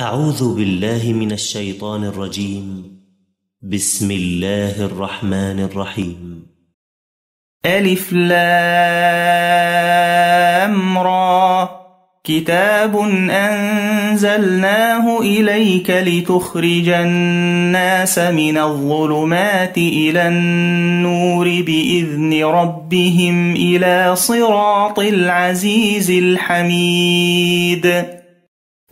أعوذ بالله من الشيطان الرجيم بسم الله الرحمن الرحيم ألف لام را كتاب أنزلناه إليك لتخرج الناس من الظلمات إلى النور بإذن ربهم إلى صراط العزيز الحميد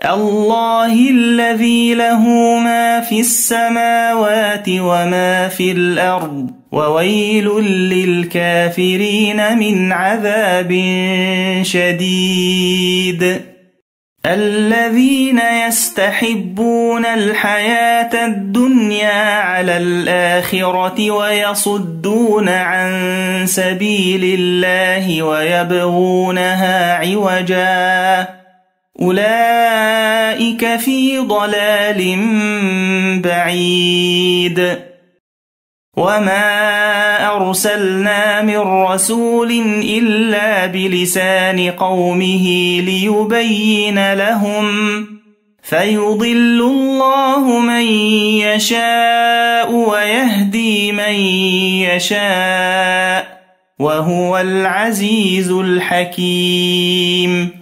الله الذي له ما في السماوات وما في الأرض وويل للكافرين من عذاب شديد الذين يستحبون الحياة الدنيا على الآخرة ويصدون عن سبيل الله ويبغونها عوجاً أولئك في ضلال بعيد وما أرسلنا من رسول إلا بلسان قومه ليبين لهم فيضل الله من يشاء ويهدي من يشاء وهو العزيز الحكيم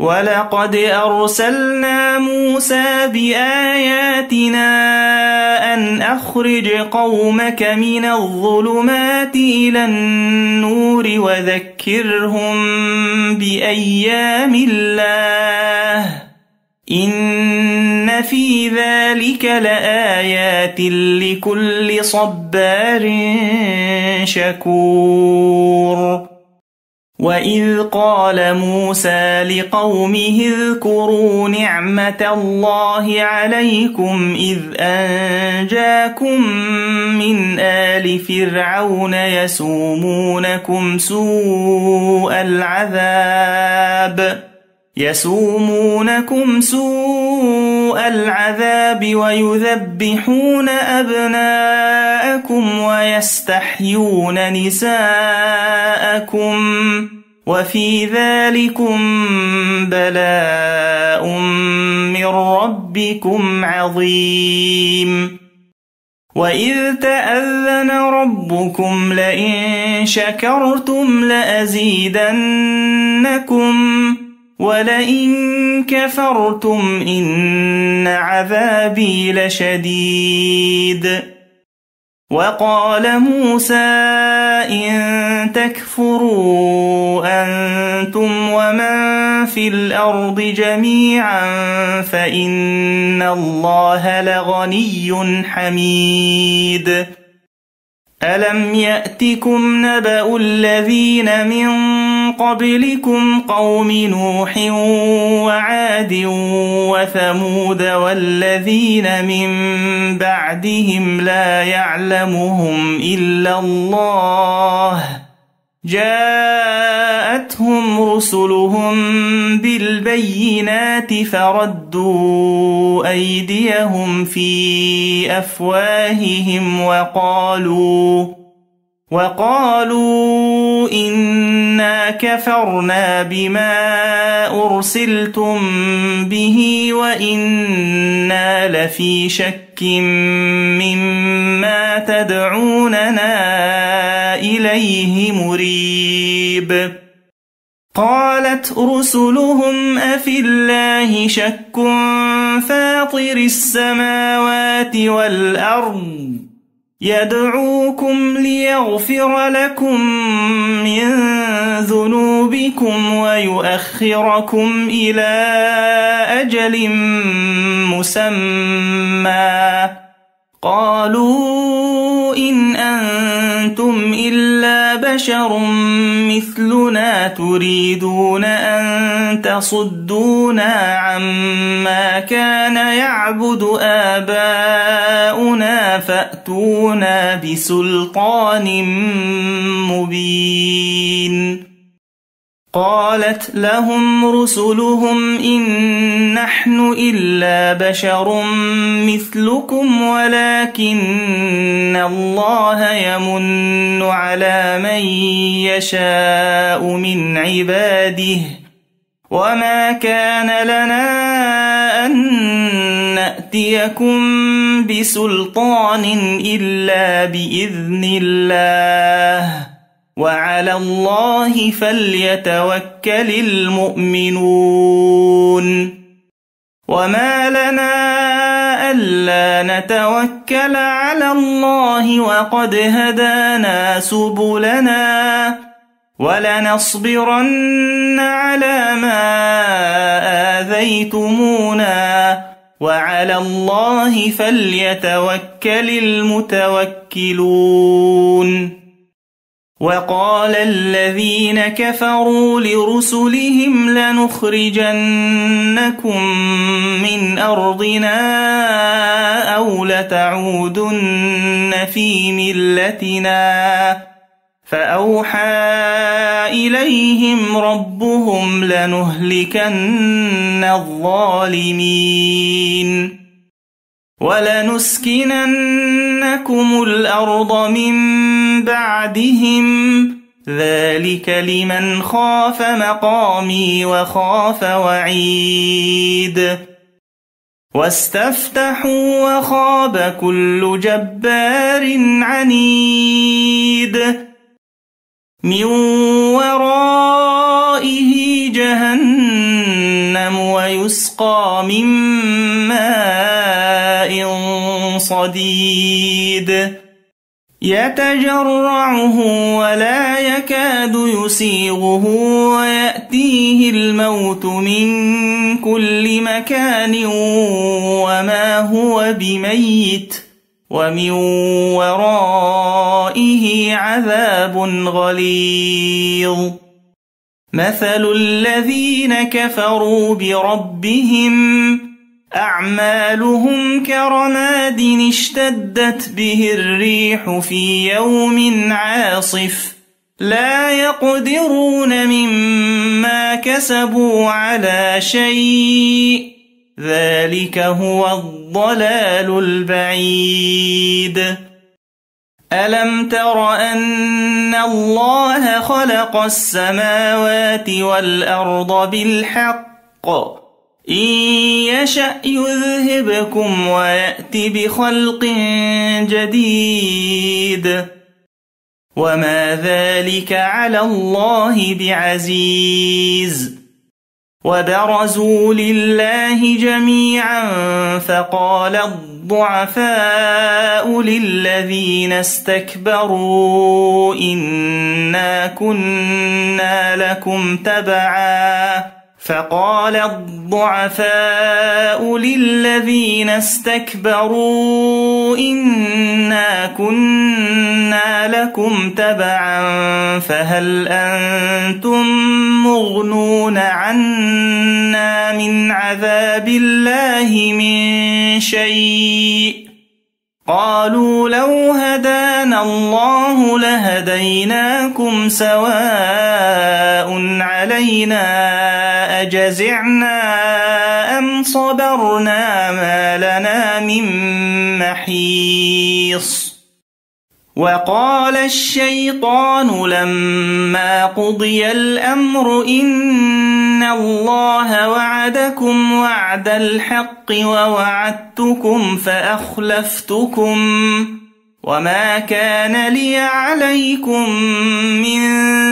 ولقد أرسلنا موسى بآياتنا أن أخرج قومك من الظلمات إلى النور وذكرهم بأيام الله إن في ذلك لآيات لكل صبار شكور وإذ قال موسى لقومه اذكروا نعمة الله عليكم إذ أنجاكم من آل فرعون يسومونكم سوء العذاب يسومونكم سوء العذاب ويذبحون أبناءكم ويستحيون نساءكم وفي ذلكم بلاء من ربكم عظيم وإذ تأذن ربكم لئن شكرتم لأزيدنكم ولئن كفرتم إن عذابي لشديد وقال موسى إن تكفروا أنتم ومن في الأرض جميعا فإن الله لغني حميد ألم يأتكم نبأ الذين من قبلكم قوم نوح وعاد وثمود والذين من بعدهم لا يعلمهم إلا الله جاءتهم رسلهم بالبينات فردوا أيديهم في أفواههم وقالوا وقالوا إنا كفرنا بما أرسلتم به وإنا لفي شك مما تدعوننا إليه مريب قالت رسلهم أفي الله شك فاطر السماوات والأرض يدعوكم ليغفر لكم من ذنوبكم ويؤخركم إلى أجل مسمى قالوا إن أنتم إلا بشر مثلنا تريدون أن تصدونا عما كان يعبد آباؤنا فأتونا بسلطان مبين قالت لهم رسلهم إن نحن إلا بشر مثلكم ولكن الله يمن على من يشاء من عباده وما كان لنا أن نأتيكم بسلطان إلا بإذن الله وعلى الله فليتوكل المؤمنون وما لنا ألا نتوكل على الله وقد هدانا سبلنا ولنصبرن على ما آذيتمونا وعلى الله فليتوكل المتوكلون وقال الذين كفروا لرسلهم لنخرجنكم من أرضنا أو لتعودن في ملتنا فأوحى إليهم ربهم لنهلكن الظالمين ولنسكننكم الأرض من بعدهم ذلك لمن خاف مقامي وخاف وعيد واستفتحوا وخاب كل جبار عنيد من وراء صديد يتجرعه ولا يكاد يسيغه ويأتيه الموت من كل مكان وما هو بميت ومن ورائه عذاب غليظ مثل الذين كفروا بربهم أعمالهم كرماد اشتدت به الريح في يوم عاصف لا يقدرون مما كسبوا على شيء ذلك هو الضلال البعيد ألم تر أن الله خلق السماوات والأرض بالحق إن يشأ يذهبكم ويأتي بخلق جديد وما ذلك على الله بعزيز وبرزوا لله جميعا فقال الضعفاء للذين استكبروا إنا كنا لكم تبعاً فقال الضعفاء للذين استكبروا إنا كنا لكم تبعا فهل أنتم مغنون عنا من عذاب الله من شيء قالوا لو هدانا الله لهديناكم سواء علينا أجزعنا أم صبرنا ما لنا من محيص وقال الشيطان لما قضي الأمر إن الله وعدكم وعد الحق ووعدتكم فأخلفتكم وما كان لي عليكم من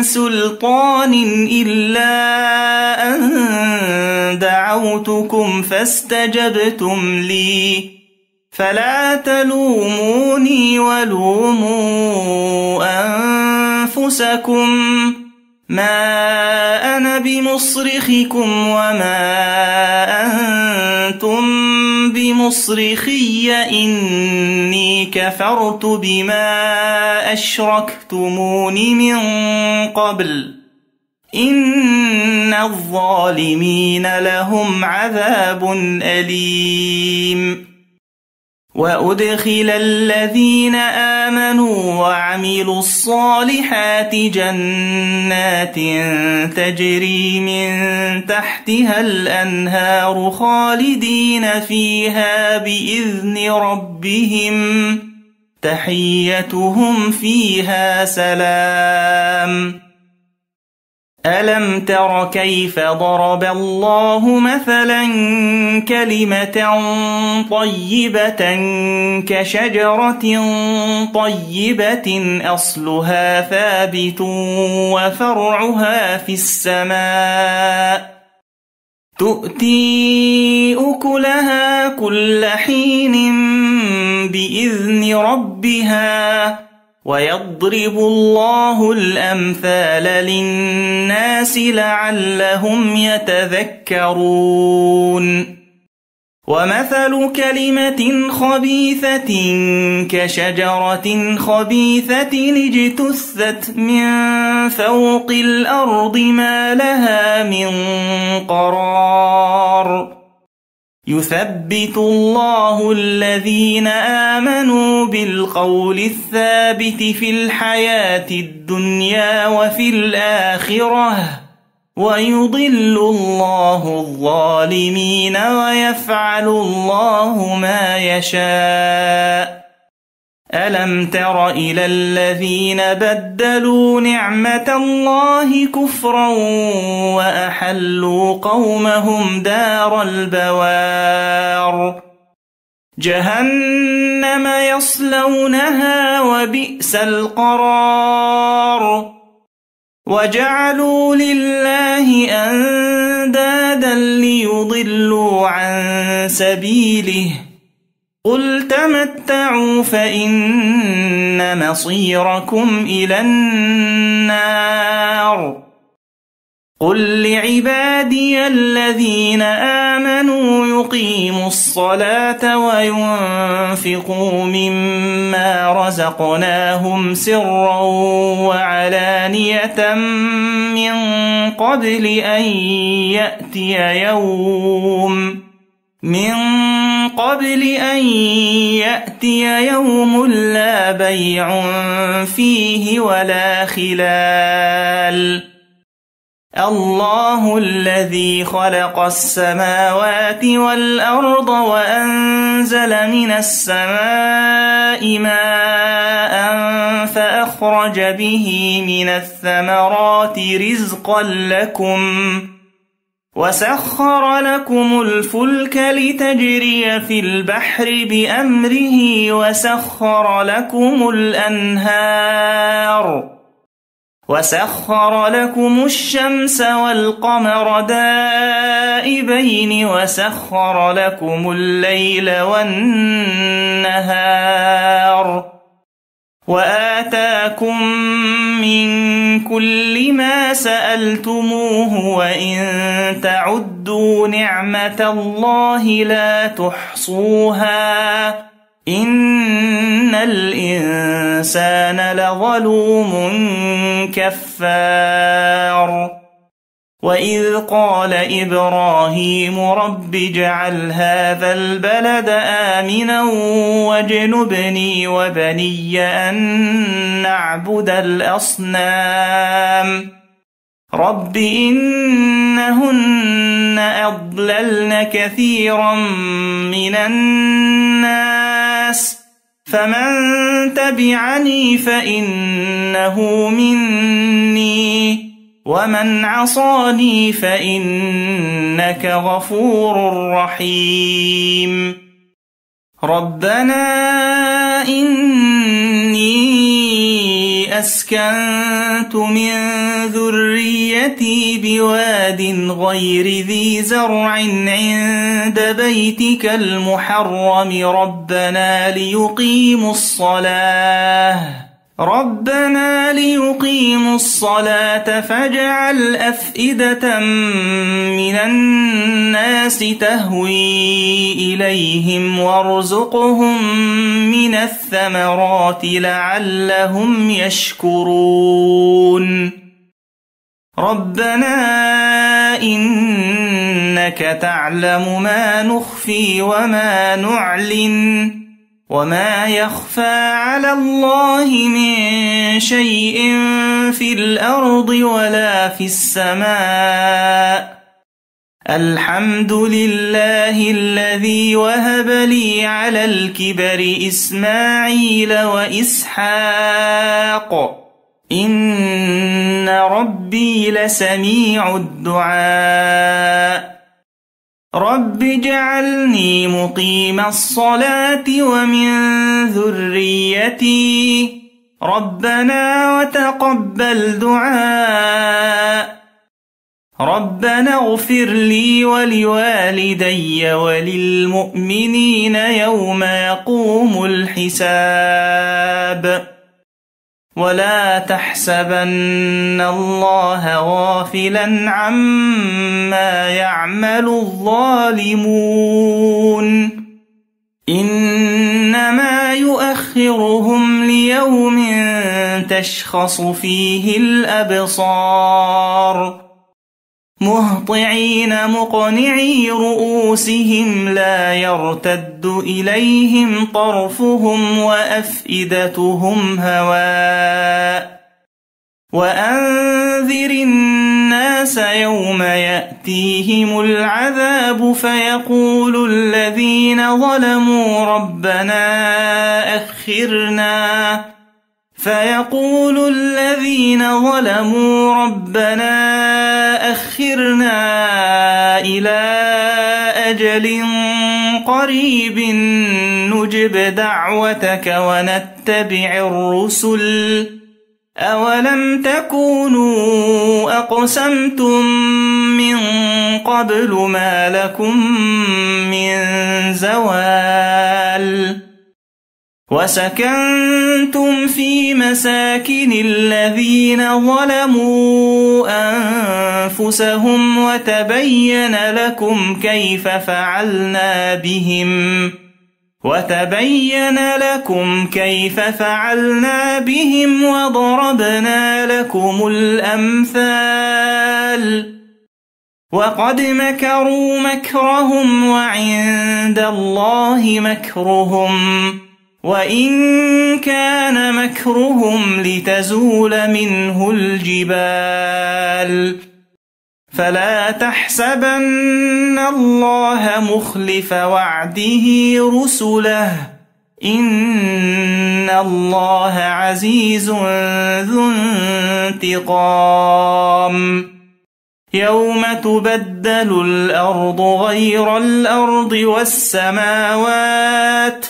سلطان إلا أن دعوتكم فاستجبتم لي فلا تلوموني ولوموا أنفسكم ما أنا بمصرخكم وما أنتم بمصرخي إني كفرت بما أشركتمون من قبل إن الظالمين لهم عذاب أليم وأدخل الذين آمنوا وعملوا الصالحات جنات تجري من تحتها الأنهار خالدين فيها بإذن ربهم تحيتهم فيها سلام ألم تر كيف ضرب الله مثلا كلمة طيبة كشجرة طيبة أصلها ثابت وفرعها في السماء تؤتي أكلها كل حين بإذن ربها ويضرب الله الأمثال للناس لعلهم يتذكرون ومثل كلمة خبيثة كشجرة خبيثة اجتثت من فوق الأرض ما لها من قرار يثبت الله الذين آمنوا بالقول الثابت في الحياة الدنيا وفي الآخرة ويضل الله الظالمين ويفعل الله ما يشاء ألم تر إلى الذين بدلوا نعمة الله كفرا وأحلوا قومهم دار البوار جهنم يصلونها وبئس القرار وجعلوا لله أندادا ليضلوا عن سبيله قل تمتعوا فإن مصيركم إلى النار قل لعبادي الذين آمنوا يقيموا الصلاة وينفقوا مما رزقناهم سرا وعلانية من قبل أن يأتي يوم من قبل أن يأتي يوم لا بيع فيه ولا خلال الله الذي خلق السماوات والأرض وأنزل من السماء ماء فأخرج به من الثمرات رزقا لكم وسخر لكم الفلك لتجري في البحر بأمره وسخر لكم الأنهار وسخر لكم الشمس والقمر دائبين وسخر لكم الليل والنهار وآتاكم من كل ما سألتموه وإن تعدوا نعمة الله لا تحصوها إن الإنسان لظلوم كفار وإذ قال إبراهيم رب اجعل هذا البلد آمنا واجنبني وبني أن نعبد الأصنام رب إنهن أضللن كثيرا من الناس فمن تبعني فإنه مني ومن عصاني فإنك غفور رحيم ربنا إني أسكنت من ذريتي بواد غير ذي زرع عند بيتك المحرم ربنا ليقيموا الصلاة ربنا ليقيموا الصلاة فاجعل أفئدة من الناس تهوي إليهم وارزقهم من الثمرات لعلهم يشكرون ربنا إنك تعلم ما نخفي وما نعلن وما يخفى على الله من شيء في الأرض ولا في السماء الحمد لله الذي وهب لي على الكبر إسماعيل وإسحاق إن ربي لسميع الدعاء رب اجعلني مقيم الصلاة ومن ذريتي ربنا وتقبل دعاء ربنا اغفر لي ولوالدي وللمؤمنين يوم يقوم الحساب ولا تحسبن الله غافلا عما يعمل الظالمون انما يؤخرهم ليوم تشخص فيه الابصار مهطعين مقنعي رؤوسهم لا يرتد إليهم طرفهم وأفئدتهم هواء وأنذر الناس يوم يأتيهم العذاب فيقول الذين ظلموا ربنا أخرنا فيقول الذين ظلموا ربنا أخرنا إلى أجل قريب نجب دعوتك ونتبع الرسل أولم تكونوا أقسمتم من قبل ما لكم من زوال وسكنتم في مساكن الذين ظلموا أنفسهم وتبين لكم كيف فعلنا بهم وتبين لكم كيف فعلنا بهم وضربنا لكم الأمثال وقد مكروا مكرهم وعند الله مكرهم وإن كان مكرهم لتزول منه الجبال فلا تحسبن الله مخلف وعده رسله إن الله عزيز ذو انتقام يوم تبدل الأرض غير الأرض والسماوات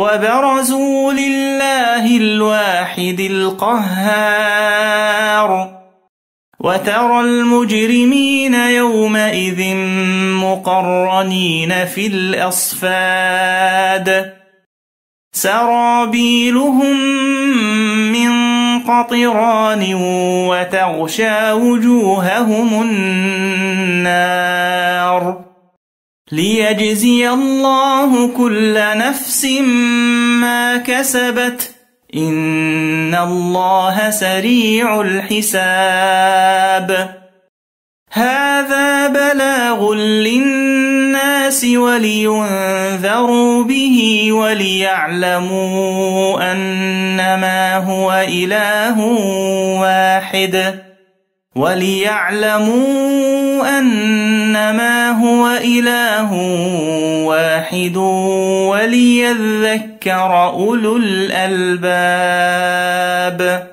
وبرزوا لله الواحد القهار وترى المجرمين يومئذ مقرنين في الأصفاد سرابيلهم من قطران وتغشى وجوههم النار ليجزي الله كل نفس ما كسبت إن الله سريع الحساب هذا بلاغ للناس ولينذروا به وليعلموا أنما هو إله واحد وليعلموا أن إنما هو إله واحد وليذكر أولو الألباب